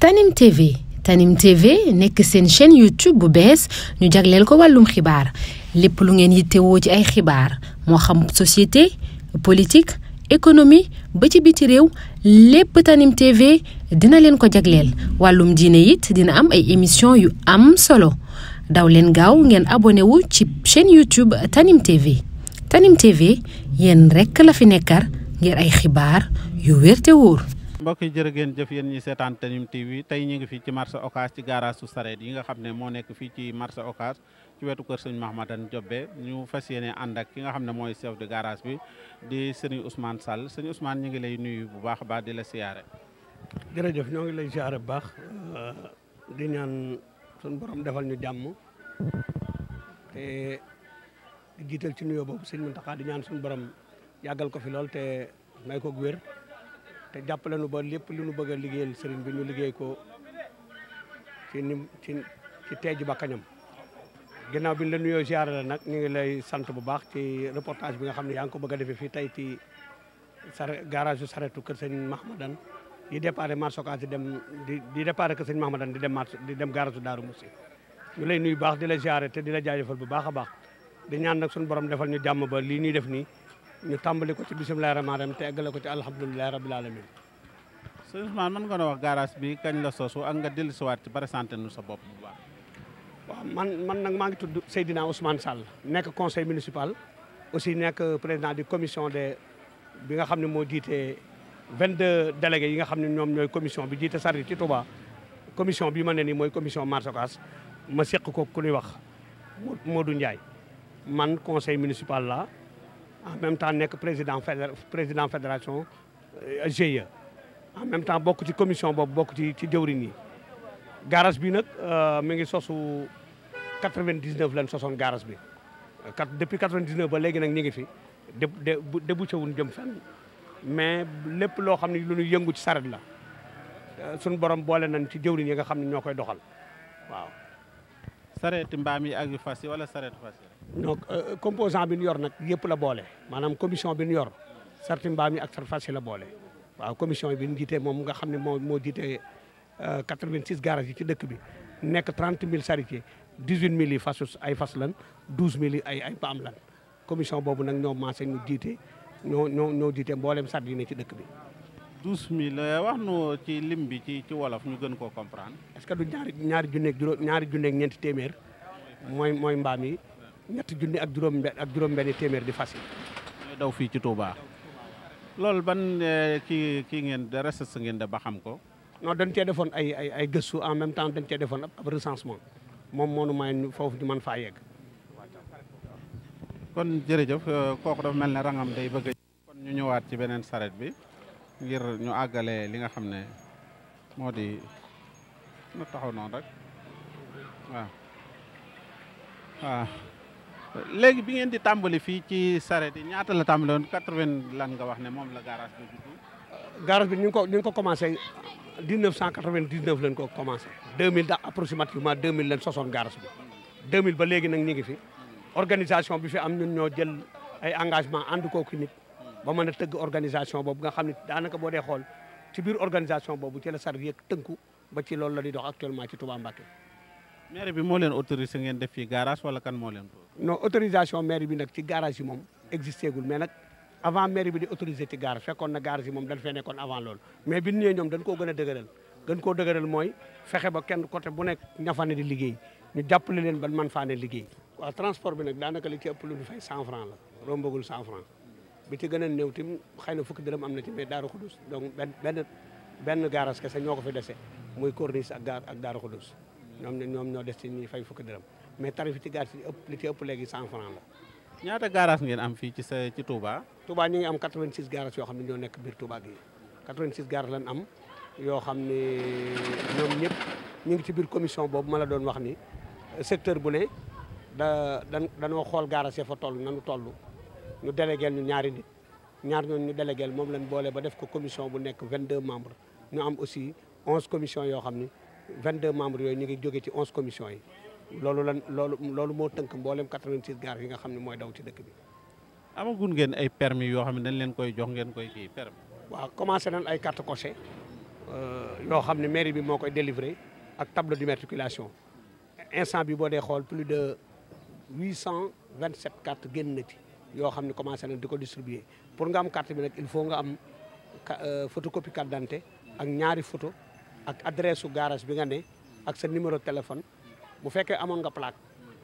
Tanim TV Tanim nekk seen chaîne YouTube bu bees ñu jagleel ko wàllum xibaar lépp lu ngeen yittewoo ci ay xibaar moo xam société politique économie ba ci biti réew lépp Tanim dina leen ko jagleel wàllum diine it dina am ay émission yu am solo daw leen gaaw ngeen abonné wu ci chaîne YouTube Tanim TV Tanim yéen rekk la fi nekkar ngir ay xibaar yu wér te wóor mbokk yi jërë ngeen jëf yéen ñu seetaan Tanime TV tey ñu ngi fii ci marché Ocass ci garage su sareet yi nga xam ne moo nekk fii ci marché Ocass ci wetu kër sëñ Mahmadan Jobbe ñu fas yéene ànd ak ki nga xam ne mooy chef de garage bi di sëriñ usmaan Sall sëñ Ousmane ñu ngi lay nuyu bu baax a baax di la siyaare. jërëjëf ñoo ngi lay siyaare bu baax euh, di ñaan suñu borom defal ñu jàmm te di jiital ci nuyoo boobu sëñ Mountakha di ñaan suñu borom yàggal ko fi lool te may ko wér. te jàppale nu ba lépp lu nu bëgg a liggéeyal sëriñ bi ñu liggéey ko ci ni ci ci teeju ba kañam ginnaaw bi ñu la nuyoo ziar la nag ñu ngi lay sant bu baax ci reportage bi nga xam ne yaa ngi ko bëgg a fii tey ci sare garage su saretu kër sëñ Mahmadan di déparé marché Ocass di dem di di déparé kër sëñ Mahmadan di dem marché di dem garage Daaru Moussi ñu lay nuyu baax di la ziar te di la jaajëfal bu baax a baax di ñaan nag suñu borom defal ñu jàmm ba lii ñuy def nii ñu tàmbali ko ci bisimilah rahmaani rahiim te eggale ko ci alhamdulilah rabil alamin sëñ Ousmane mën nga na wax garage bi kañ la sosu ak nga dellusiwaat ci présenté nu sa bopp bu man man nag maa ngi tudd Seydina Ousmane Sall nekk conseil municipal aussi nekk président du commission de bi nga xam ne moo jiite 22 délégués yi nga xam ne ñoom ñooy commission bi jiite sari ci Touba commission bi ma ne nii mooy commission marché ma seq ko ku ñuy wax Modou Ndiaye man conseil municipal la en même temps nekk président président fédération euh, GIE en même temps bokk ci commission boobu bokk ci ci jëwrin yi garage bi nag euh, mi ngi sosu 99 lañ sosoon garage bi kat depuis 99 ba léegi nag ñu ngi fi de débouché wuñ jëm fenn mais lépp loo xam ni lu yëngu ci saret la euh, suñu borom boole nañ ci jëwriñ yi nga xam ne ñoo koy doxal waaw sareeti mbaam agri ak yu wala sareeti fas donc euh, euh, composant bi ñu yor nag yëpp la boole maanaam commission bi ñu yor sarti mbaam yi ak sar fas yi la boole waaw commission bi ñu jiite moom nga xam ne moo moo jiite 86 euh, gara yi ci dëkk bi nekk 30 000 charretiers 18 000 yi fasu ay fas lan 12 000 yi ay paam mbaam lan commission boobu nag ñoo maase ñu jiite ñoo ñoo ñoo jiite mboolem sart yi ne ci dëkk bi. 12000 wax nu ci lim bi ci ci wolof ñu gën koo comprendre. est que du ñaari ñaari junneeg ñaari junneeg ñeenti téeméer mooy mooy mbaam yi. ñetti junni ak juróom ak juróom-benni téeméer di fas yi. daw fii ci Touba. loolu ban eh, kii kii ngeen de recherche ngeen de ba xam ko. non dañ cee defoon ay ay ay gëstu en même temps dañ cee defoon ab recensement moom moo nu may foofu ñu mën faa yegg. kon jërëjëf eh, kooku dafa mel ne rangam day bëgg kon ñu ñëwaat ci beneen saret bi ngir ñu àggale li nga xam ne moo di na taxaw noonu rek waaw waaw. léegi bi ngeen di tàmbali fii ci saret yi ñaata la tàmbali woon quatre lan nga wax ne moom la garage bi dugg. garage bi ko ngi ko ñu ngi ko commencé 1999 lañ ko commencé. 2000 da approximativement 2000 lañ sosoon garage bi. 2000 ba léegi nag ñu ngi fi. organisation bi fi am ñun ñoo jël ay engagement ànd kooku nit. ba mën a tëgg organisation boobu nga xam ni daanaka boo dee xool ci biir boobu ci la saret yëg tënku ba ci lool la di dox actuellement ci Touba Mbacké. maire bi moo leen autorisé ngeen def fii garage wala kan moo leen ko. non autorisation maire bi nag ci garage yi moom existé gul mais nag avant maire bi di autorisé ci garage fekkoon na garage yi moom dañ fee nekkoon avant loolu mais bi ñu ñëwee ñoom dañ koo gën a dëgëral gën koo dëgëral mooy fexe ba kenn côté bu nekk ñafa di liggéey ñu jàppale leen ban man faa ne liggéey. waaw transport bi nag daanaka li ci ëpp lu ñu fay 100 francs la rombagul 100 francs bi xëy na fukki dërëm am na ci mais Daaru Xudus donc benn kese ñoo ko fi dese muy corniche ak gaar ak Daaru Xudus ñoom ne ñoom ñoo des ci ñuy fay fukki dërëm mais tarif yi ci gaar ci ëpp li ci ëpp léegi 100 francs la ñaata garage ngeen am fii ci sa ci Touba Touba ñu ngi am 86 garage yoo xam ne ñoo nekk biir Touba gi 86 garage am yoo xam ne ñoom ñëpp ñu ngi ci biir commission boobu ma la doon wax ni secteur bu ne da da dañoo xool garage fa toll nanu tollu ñu délégué ñu ñaari nit ñaar ñoon ñu délégué moom lañ boole ba def ko commission bu nekk 22 membre ñu am aussi 11 commission yoo xam ni 22 membres yooyu ñu ngi jóge ci 11 commissions yi loolu lan loolu loolu moo tënk mboolem 86 gares yi nga xam ne mooy daw ci dëkk bi. amagun ngeen ay permis yoo xam ne dañ leen koy jox ngeen koy fii permis. waaw commencé nañ ay carte coché euh, yoo xam ne mairie bi moo koy délivré ak tableau d'immatriculation instant bi boo dee xool plus de vingt 827 cartes génn na ci yoo xam ne commencé nañ di ko distribuer pour nga am carte bi nag il faut nga am euh, photocopie carte d'identité ak ñaari photo ak adresse su garage bi nga ne ak sa numéro téléphone bu fekkee amoon nga plaque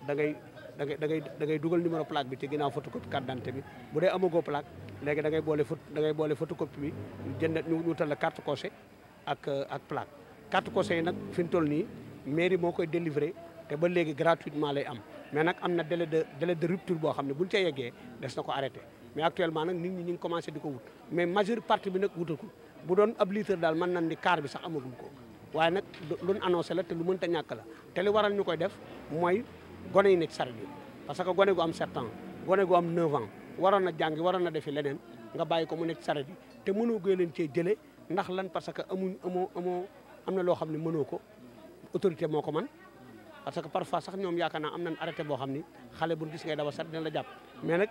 dangay ngay da ngay da ngay da dugal numéro plaque bi ci ginnaaw photocopie carte d'identité bi bu dee amagoo plaque léegi da ngay boole photo da ngay boole photocopie bi jënd ñu wutal la carte coché ak ak plaque carte coché yi nag fi mu toll nii mairie moo koy délivré te ba léegi gratuitement lay am mais nag am na délai de délai de boo xam ne buñu ca yeggee des na ko arrêté mais actuellement nag nit ñi ñu ngi commencé di ko wut mais majeure partie bi nag wutagul bu doon ab litre daal mën nañ ni kaar bi sax amagum ko waaye nag luñ annoncé la te lu mënta ñàkk la te li waral ñu koy def mooy gone yi nekk saret bi parce que gone gu am 7 ans gone gu am 9 ans waroon na jàngi waroon na defi leneen nga bàyyi ko mu nekk saret bi te mënoo gën leen cee jëlee ndax lan parce que amuñ amoo amoo am na loo xam ne mënoo ko autorité moo ko man parce que parfois sax ñoom yaakaar naa am nañ arrêté boo xam ni xale bu gis ngay dawa sat dina la jàpp mais nag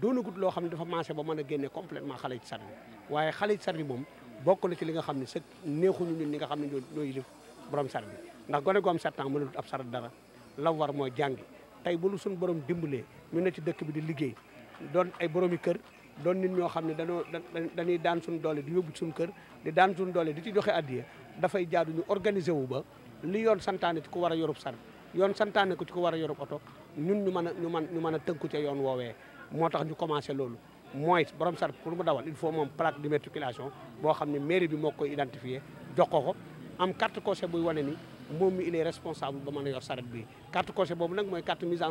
doonagut loo xam ne dafa mancé ba mën a génne complètement xale ci sar bi waaye xale ci sar bi moom bokk na ci li nga xam ne sa neexuñu ñun ñi nga xam ne ñoo ñoo yilif borom sar bi ndax gone gu am sept ans mënul ab sar dara la war mooy jàngi tey bu lu suñu borom dimbalee ñu ne ci dëkk bi di liggéey doon ay boromi kër doon nit ñoo xam ne dañoo dañuy daan suñu doole di yóbbu suñu kër di daan suñu doole di ci joxe addiya dafay jaadu ñu organiser wu ba li yoon santaane ci ko war a yorub sar yoon santaane ko ci ko war a yorub oto ñun ñu mën a ñu mën ñu mën a tënku ca yoon woowee moo tax ñu commencé loolu mooy borom sar pour mu dawal il faut moom plaque d'immatriculation boo xam ne mairie bi moo koy identifié jox ko ko am carte coché buy wane ni moom mi il est responsable ba mën a yor saret bi carte coché boobu nag mooy carte mise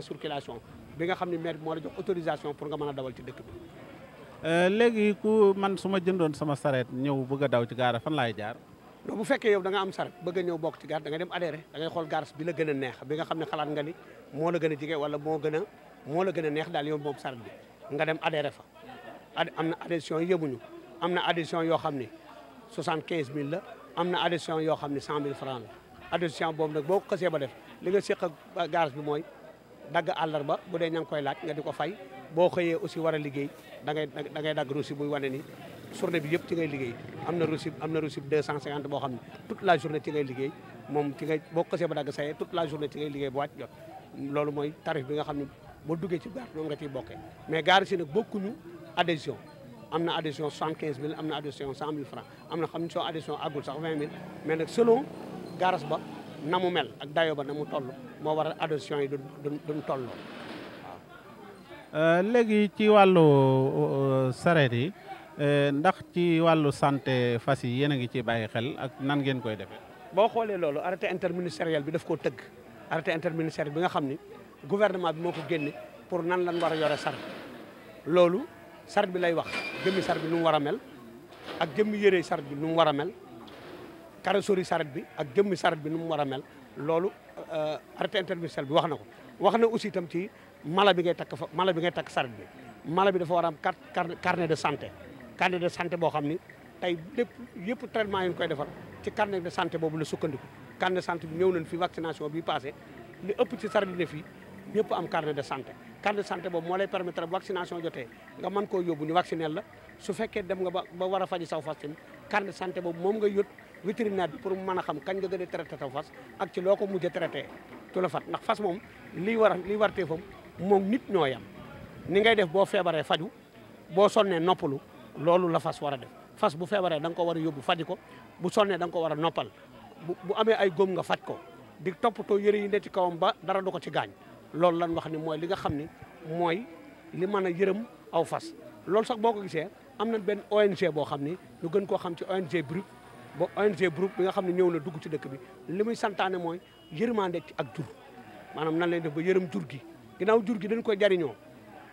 bi nga xam ne maire bi moo la jox pour nga mën a dawal euh, léegi ku man su ma jëndoon sama saret ñëw bëgg daw ci gaara fan laay jaar. bu fekkee yow da nga am saret bëgg ñëw bokk ci gaar nga dem adhéré da ngay xool garas bi la gën a neex bi nga xam ne xalaat nga ni moo la gën a jege wala moo gën a moo la gën a neex daal yow moom saret bi nga dem adhéré fa am na adhésion yëbuñu am na adhésion yoo xam ne soixante-quinze mille la am na adhésion yoo xam ne cent mille franc la adhésion boobu nag boo ko xasee ba def li nga séq ak garage bi mooy dagg àllarba bu dee ña ngi koy laaj nga di ko fay boo xëyee aussi war a liggéey da ngay da ngay dagg reçu buy wane ni journée bi yëpp ci ngay liggéey am na reçu am na reçu deux cent cinquante boo xam ne toute la journée ci ngay liggéey moom ci ngay boo xasee ba dagg sayee toute la journée ci ngay liggéey bu wàcc jot loolu mooy tarif bi nga xam ne boo duggee ci gaar moom nga ciy bokkee mais gaar si nag bokkuñu adhésion am na adhésion soixante quinze mille am na adhésion cent mille na xam ne soo adhésion àggul sax vingt mille mais nag selon garas ba na mu mel ak dayo ba na mu toll moo war a yi du duñ tolloo waaw euh, léegi ci wàllu euh, sareet yi euh, ndax ci wàllu sante fas yi yéen a ngi ci bàyyi xel ak nan ngeen koy defee boo xoolee loolu arrêté interministériel bi daf koo tëgg arrêté interministériel bi nga xam ni gouvernement bi moo ko génne pour nan lan war a yore sareet loolu sart bi lay wax jëmmi sart bi nu mu war a mel ak jëmmi yëree sart bi nu mu war a mel carrosserie saret bi ak jëmmi saret bi nu mu war a mel loolu euh, arrêté interministériel bi wax na ko wax na aussi itam ci mala bi ngay takk fa mala bi ngay takk bi mala bi dafa war a am carte carnet de santé carnet de santé boo xam ni tey lépp yëpp traitement yi ñu koy defar ci carnet de santé boobu la sukkandiku carnet de santé bi ñëw nañ fi vaccination bi passé li ëpp ci sart bi ne fii ñëpp am carnet de santé carnet sante santé boobu moo lay permettre vaccination jotee nga man koo yóbbu ñu vaccinel la su fekkee dem nga ba ba war a faji saw fas tamit carnet de boobu moom nga yót vétérinaire bi pour mu mën a xam kañ nga gën a traité saw fas ak ci loo ko mujj a traité tu fat ndax fas moom lii war liy wartee fam moom nit ñoo yam ni ngay def boo feebaree faju boo sonnee noppulu loolu la fas war a def fas bu feebaree da nga ko war a yóbbu faji ko bu sonnee da nga ko war a noppal bu amee ay góom nga faj ko di toppatoo yëre yi ne ci kawam ba dara du ko ci gaañ loolu lan wax ni mooy li nga xam ni mooy li mën a yërëm aw fas loolu sax boo ko gisee am na benn ONG boo xam ni ñu gën koo xam ci ONG Brut ba ONG Brut bi nga xam ne ñëw na dugg ci dëkk bi li muy santaane mooy yërmande ci ak jur maanaam na leen def ba yërëm jur gi ginnaaw jur gi dañ koy jariñoo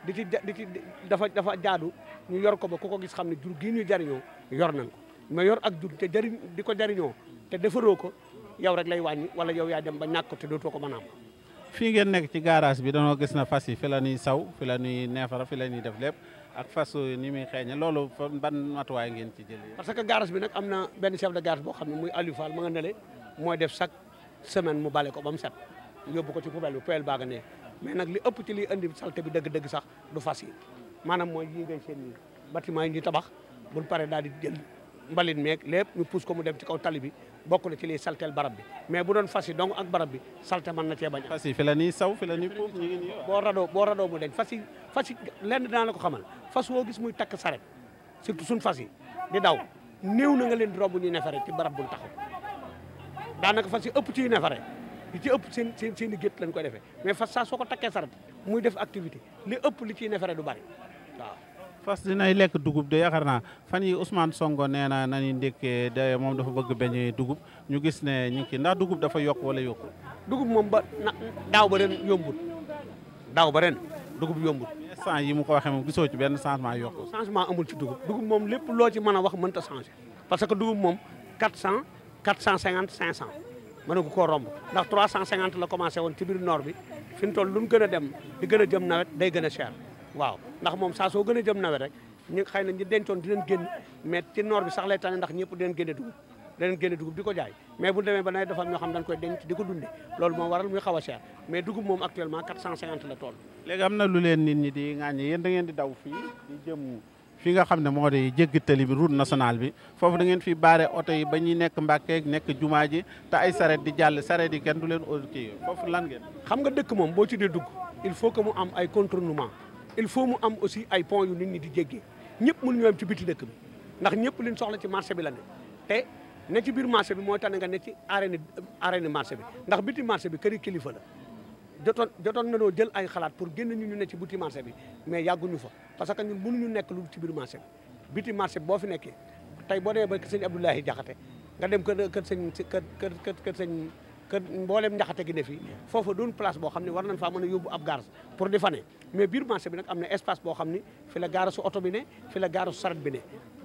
di ci di ci dafa dafa jaadu ñu yor ko ba ku ko gis xam ne jur gii ñu jariñoo yor nañ ko mais yor ak jur te jariñ di ko jariñoo te defaroo ko yow rek lay wàññi wala yow yaa dem ba ñàkk ko te dootoo ko mën a am fii ngeen nekk ci garage bi danoo gis na fas yi fi la saw fi la neefara fi la def lépp ak fas ni muy xeeñe loolu ban matuwaay ngeen ci jëlee. parce que garage bi nag am na benn chef de garage boo xam ne muy Aliou Fall ma nga nele mooy def chaque semaine mu bale ko ba mu set yóbbu ko ci poubelle bi poubelle baa nga ne mais nag li ëpp ci liy indi salte bi dëgg-dëgg sax du fas yi maanaam mooy yi ngay seen nii bâtiment yi ñuy tabax buñ mbalit meeg lépp ñu pousse ko mu dem ci kaw tali bi bokk na ci liy saltel barab bi mais bu doon fas yi dong ak barab bi salte mën na cee bañ fas yi fi la nii saw fi la nii puuf ñu ngi boo radoo boo radoo mu deñ fas yi lenn dinaa la ko xamal fas woo gis muy takk saret surtout suñ fas yi di daw néew na nga leen di romb ñuy nefere ci barab bu buñ taxaw daanaka fas yi ëpp ti nefere li ci ëpp seen seen seen i gétt lañ ko defee mais fas saa soo ko takkee saret muy def activité li ëpp li ciy nefere du bari waaw fas dinay lekk dugub de yaakaar naa fan yi Ousmane Sonko nee na nañu de moom dafa bëgg beñe dugub ñu gis ne ñu ki ndax dugub dafa yokk wala yokku dugub moom ba daaw ba ren yombut daaw ba ren dugub yombut instant yi mu ko waxee moom gisoo ci benn changement yokku changement amul ci dugub dugub moom lépp loo ci mën a wax mënta changé parce que dugub moom 400 450 500 mën na ko koo romb ndax 350 la commencé woon ci biir noor bi fi mu toll lu mu gën a dem gën a jëm nawet day gën a cher waaw ndax moom saa soo gën a jëm nawet rek ñu xëy na ñu dencoon dinañ génn mais ci noor bi sax lay tane ndax ñëpp dinañ génne dugub danañ génne dugub di ko jaay mais bu demee ba nawet dafa am ñoo xam dañ koy denc di ko dunde loolu moo waral muy xaw a cher mais dugub moom actuellement 450 la tool léegi am na lu leen nit ñi di ŋaaññi yéen da ngeen di daw fii di jëm fi nga xam ne moo di jéggi tali bi route nationale bi foofu da ngeen fii baare oto yi ba ñuy nekk Mbàkke nekk jumaa ji ay saret di jàll saret yi kenn leen kii foofu lan ngeen xam nga dëkk moom boo ci dee dugg il faut que mu am ay il faut mu am aussi ay pont yu nit ñi di jéggee ñëpp mënuñu am ci biti dëkk bi ndax ñëpp liñ soxla ci marché bi la ne te ne ci biir marché bi mooy tane nga ne ci arène arène marché bi ndax biti marché bi këri kilifa la jotoon jotoon na noo jël ay xalaat pour génn ñu ñu ne ci biti marché bi mais yàgguñu fa parce que ñun mënuñu nekk lu ci biir marché bi biti marché bi boo fi nekkee tey boo demee ba kër sëñ Abdoulaye Jaxate nga dem kër kër sëñ kër kër kër sëñ que mbooleem njaxate gi ne fi foofa doon place boo xam ne war nañ faa mën a yóbbu ab garage pour di mais biir marché bi nag am na espace boo xam ne fi la garage bi ne fi la garage su saret bi ne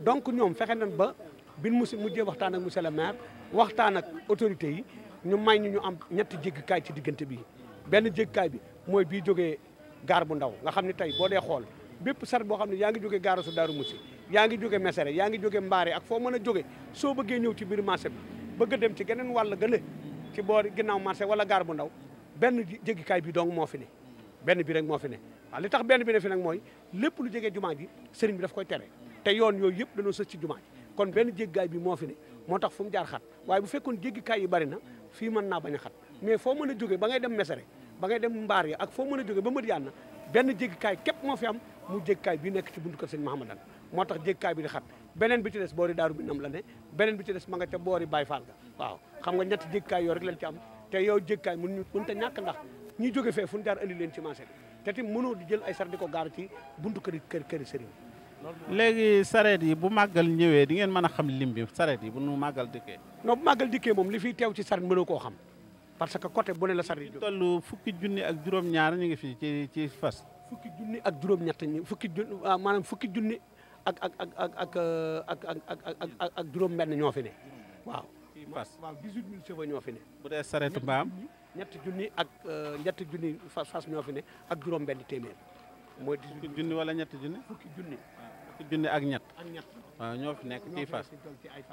donc ñoom fexe nañ ba bin mu mujjee waxtaan ak monsieur le maire waxtaan ak autorité yi ñu may ñu ñu am ñetti jéggikaay ci diggante bi benn jéggikaay bi mooy bii jógee gaar bu ndaw nga xam ne tey boo dee xool bépp saret boo xam ne yaa ngi jóge gaaru su Daaru Musi yaa ngi jóge Mesere yaa ngi jóge Mbaare ak foo mën a jóge soo bëggee ñëw ci biir marché bi bëgg a dem ci geneen wàll ci boor ginnaaw marché wala gaar bu ndaw benn jéggikaay bi dong moo fi ne benn bi rek moo fi ne waaw li tax benn bi ne fi nag mooy lépp lu jege jumaa ji sëriñ bi daf koy tere te yoon yooyu yëpp dañoo sës ci jumaa kon benn jéggikaay bi moo fi ne moo tax fu mu jaar xat waaye bu fekkoon jéggikaay yi bari na fii mën naa bañ a xat mais foo mën a jóge ba ngay dem mesere ba ngay dem mbaar ya ak foo mën a jóge ba mët yaan na benn jéggikaay képp moo fi am mu jégkaay bi nekk ci buntu kër sëñ Mahamadan moo tax jégkaay bi di xat beneen bi ci des boori daaru bi nam la ne beneen bi ci des ma nga ca boori Baye Fall ga waaw xam nga ñetti jégkaay yoo rek lañ ci am te yow jégkaay mun ñu mën ta ñàkk ndax ñi jóge fee fu ñu jaar andi leen ci marché bi te tim mënoo di jël ay sar di ko gaar ci buntu këri kër këri sëriñ léegi sareet yi bu màggal ñëwee di ngeen mën a xam lim bi sareet yi bu nu màggal dikkee non bu màggal moom li fiy teew ci sareet mënoo koo xam parce que côté bu ne la sareet yi toll juróom-ñaar ñu ngi fii ci ci fas fukki junni ak juróom-ñett ñi fukki junni maanaam fukki junni ak ak ak ak ak ak ak juróom-benn ñoo fi ne waaw. waaw 18000 fi bu dee sareetu mbaam ñett junni ak ñetti junni fas fas ñoo fi ne ak juróom-benn téeméer. mooy 18 fukki junni wala ñetti junni. fukki junni. ak ñett. ak ñett waaw ñoo fi nekk ci fas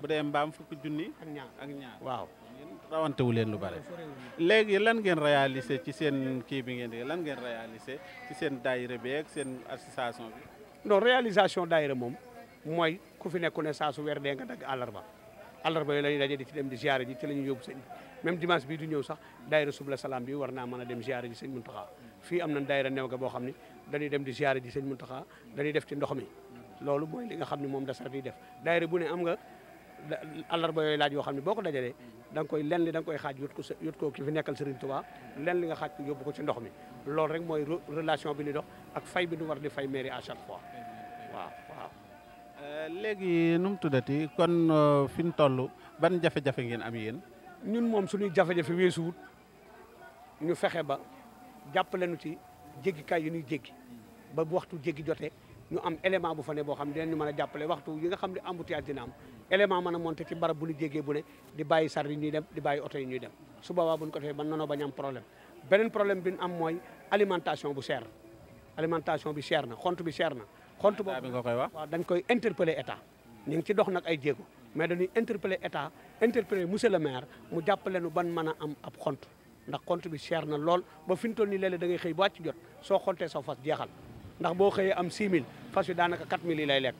bu dee mbaam fukki junni. ak waaw. rawantewu leen lu bare léegi lan ngeen réalisé ci seen kii bi ngeen di lan ngeen réalisé ci seen daayira bi seen association bi. non réalisation daayira moom mooy ku fi nekku ne saa su weer dee nga dagg àllarba àllarba yooyu la ñuy daje di ci dem di ziare ji ci la ñuy yóbbu sëñ même dimanche bii du ñëw sax daayira subla salaam bi war naa mën a dem ziare ji sëñ Muntaxa fii am na daayira new ga boo xam ne dañuy dem di ziare ji sëñ Muntaxa dañuy def ci ndox mi loolu mooy li nga xam ne moom dasar di def daayira nga. àllarba yooyu laaj yoo xam ne boo ko dajalee da nga koy lenn li da nga koy xaaj yót ko yót ko ki fi nekkal Serigne Touba lenn li nga xaaj ko yóbbu ko ci ndox mi loolu rek mooy relation bi ni dox ak fay bi nu war di fay mairie à chaque fois waaw waaw euh, léegi nu mu tuddati kon euh, fi ñu toll ban jafe-jafe ngeen am yéen ñun moom suñuy jafe-jafe weesuwut ñu fexe ba jàppale nu ci jéggikaay yi nuy jéggi ba waxtu jéggi jotee ñu am élément bu fa boo xam ne dinañu mën a jàppale waxtu yi nga xam ne embouteillage dina am a monté ci barab bu ñu jégee bu ne di bàyyi sar yi ñuy dem di bàyyi oto yi ñuy dem su boobaa bu ñu ko defee ba nono bañ am problème beneen problème bi ñu am mooy alimentation bu cher alimentation bi cher na xont bi cher na xont boobu nga koy wax waaw dañ koy interpellé état ñu ngi ci dox nag ay jéego mais dañuy interpellé état interpellé monsieur le maire mu jàppale nu ban mën a am ab xont ndax xont bi cher na lool ba fi ñu toll nii léeg-léeg da ngay xëy bu wàcc jot soo xontee soo fas jeexal ndax boo xëyee am 6000 fas wi daanaka 4000 yi lay lekk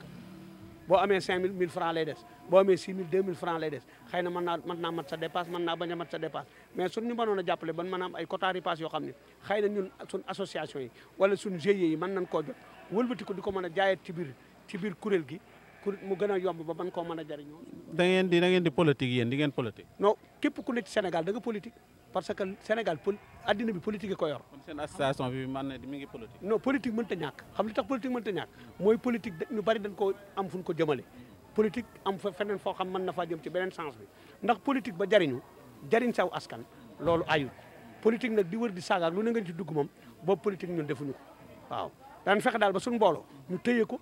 boo amee 5000 1000 francs lay des boo amee 6000 2000 francs lay des xëy na mën naa mën naa mat sa dépasse mën naa bañ a mat sa dépasse mais suñ ñu mënoon a jàppale ban mën a am ay quota ripaas yoo xam ne xëy na ñun suñ association yi wala suñ GIE yi mën nañ koo jot wëlbatiku di ko mën a jaayat ci biir ci biir kuréel gi ku mu gën a yomb ba ban koo mën a jariñoo da ngeen di da ngeen di politique yéen di ngeen politique non képp ku ne ci parce que Sénégal pol addina bi politique yi ko yor. kon seen association bi man mi ngi politique. non politique mënta ñàkk xam li tax politique mënta ñàkk mooy politique ñu bari dañ ko am fu ñu ko jëmale. politique am fa feneen foo xam mën na faa jëm ci beneen sens bi ndax politique ba jariñu jariñ saw askan loolu ayut politique nag di wër di saagaak lu ne nga ci dugg moom boobu politique ñun defuñu ko waaw daan fexe daal ba suñu mbooloo ñu tëye ko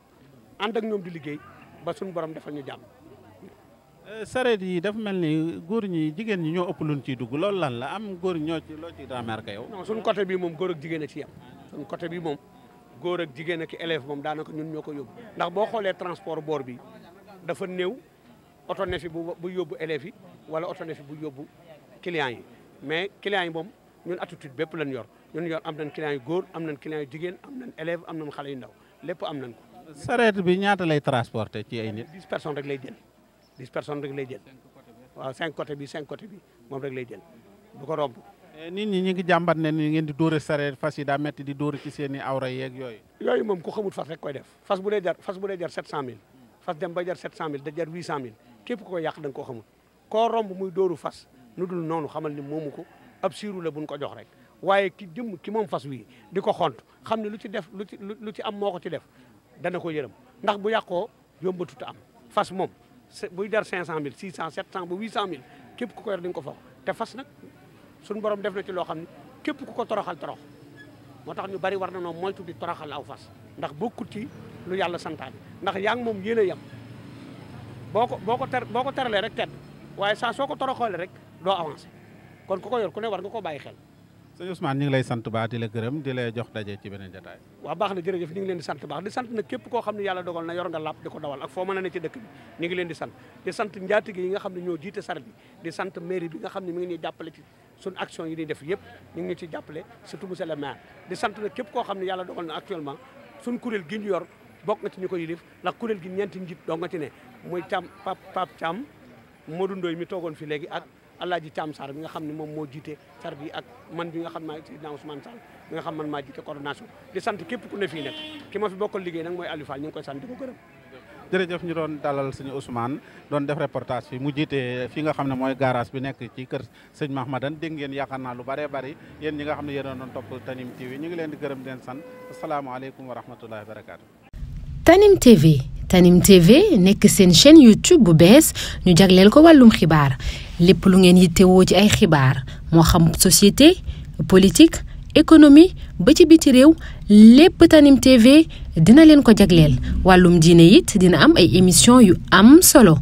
ànd ak ñoom di liggéey ba suñu borom defal ñu jàmm. Euh, sareet yi dafa mel ni góor ñi jigéen ñi ñoo ëpp luñ ciy dugg lool lan la am góor ñoo ci loo ci remarqué yow. non suñ côté bii moom góor ak jigéen ci yem suñ côté bii moom góor ak jigéen ak élève moom daanaka ñun ñoo ko yóbbu ndax boo xoolee transport boor bi dafa néew oto ne bu bu yóbbu élèves yi wala oto ne bu yóbbu clients yi mais clients yi moom ñun attitude bépp lañ yor ñun yor am nañ clients yu góor am nañ clients yu jigéen am élève am nañ xale yu ndaw lépp am nañ ko. bi ñaata lay transporter ci ay nit. lay jël. dix personnes rek lay jël waaw cinq côté bi cinq côté bi moom rek lay jël du ko romb. Eh, nit ñi ñu ngi jàmbat ne ni ngeen di dóore sareet fas yi daa métti di dóore ci seen i awra yeeg yooyu. yooyu moom ku xamut fas rek koy def fas bu dee jar fas bu dee jar sept cent mille fas dem ba jar sept cent mille da jar huit cent mille képp ko yàq da nga xamut koo romb muy dóoru fas nu dul noonu xamal ni moomu ko ab siiru la buñ ko jox rek waaye ki jëm ki moom fas wi di ko xont xam ne lu ci def lu ci lu ci am moo ko ci def dana ko yërëm ndax bu yàqoo yombatut am fas moom. buy jar 500000 600 700 ba 800000 képp ku ko yor di nga ko foog te fas nag suñu borom def na ci loo xam ne képp ku ko toroxal torox moo tax ñu bari war na noo moytu di toroxal aw fas ndax bokkut ci lu yàlla santaane ndax yaa moom yéen a yem boo ko boo ko ter boo ko teralee rek tedd waaye saa soo ko toroxalee rek doo avancé kon ku ko yor ku ne war nga ko bàyyi xel sëñ Ousmane ñu ngi lay sant baax di la gërëm di lay jox daje ci beneen jotaay waaw baax na jërëjëf ñu ngi leen di sant baax di sant nag képp koo xam ne yàlla dogal na yor nga làpp di ko dawal ak foo mën a ne ci dëkk bi ñu ngi leen di sant di sant njaatige yi nga xam ne ñoo jiite sar bi di sant mairie bi nga xam ne mi ngi ñuy jàppale ci suñ action yi ñuy def yëpp ñu ngi ñu ci jàppale surtout monsieur le maire di sant nag képp koo xam ne yàlla dogal na actuellement suñ kuréel gi ñu yor bokk nga ci ñu ko yilif ndax kuréel gi ñeenti njit doo nga ci ne muy cam mi toogoon fi léegi ak Alaaji Thiam Sarr mi nga xam ne moom moo jiite sar bi ak man bi nga xam maa Seydina Ousmane nga xam man maa jiite coordination di sant képp ku ne fii nekk ki ma fi ko gërëm jërëjëf ñu doon dalal sëñ Ousmane doon def reportage fi mu jiite fi nga xam ne mooy garage bi nekk ci kër sëñ Mahmadan dégg ngeen yaakaar naa lu bëree bëri yéen ñi nga xam ne yéen doon topp Tanim TV ñu ngi leen di gërëm di leen sant asalaamaaleykum wa rahmatullahi wa barakatu Tanim TV Tanim TV nekk seen chaîne YouTube bu bees ñu jagleel ko wàllum xibaar lépp lu ngeen yittewoo ci ay xibaar moo xam société politique économie ba ci biti réew lépp Tanim dina leen ko jagleel wàllum diine it dina am ay émission yu am solo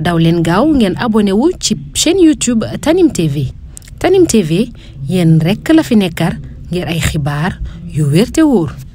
daw leen gaaw ngeen abonné wu ci chaîne YouTube Tanim TV Tanim rekk la fi nekkar ngir ay xibaar yu wér te wóor